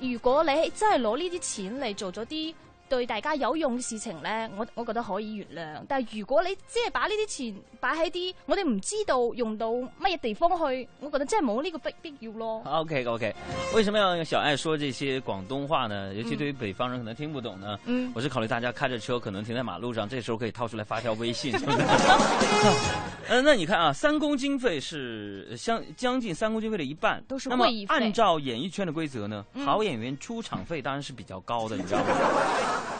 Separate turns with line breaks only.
如果你真係攞呢啲錢嚟做咗啲，對大家有用嘅事情呢，我我覺得可以原諒。但如果你只係把呢啲錢擺喺啲我哋唔知道用到乜嘢地方去，我覺得真係冇呢個必必要
咯。OK OK，為什麼要用小愛說這些廣東話呢？尤其對於北方人可能聽不懂呢？嗯，我是考慮大家開着車可能停在馬路上，這時候可以掏出來發條微信。 是不是 嗯，那你看啊，三公經費是相將近三公經費的一半，都是。那麼按照演藝圈的規則呢，好演員出場費當然是比較高的，你知道嗎？